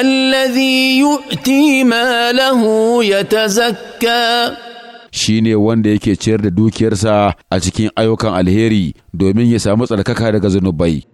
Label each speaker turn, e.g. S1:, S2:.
S1: الذي يؤتي له يتزكى
S2: shi wanda yake ciyar da dukiyarsa a cikin ayyukan alheri domin ya samu
S3: tsarkaka daga zunubai.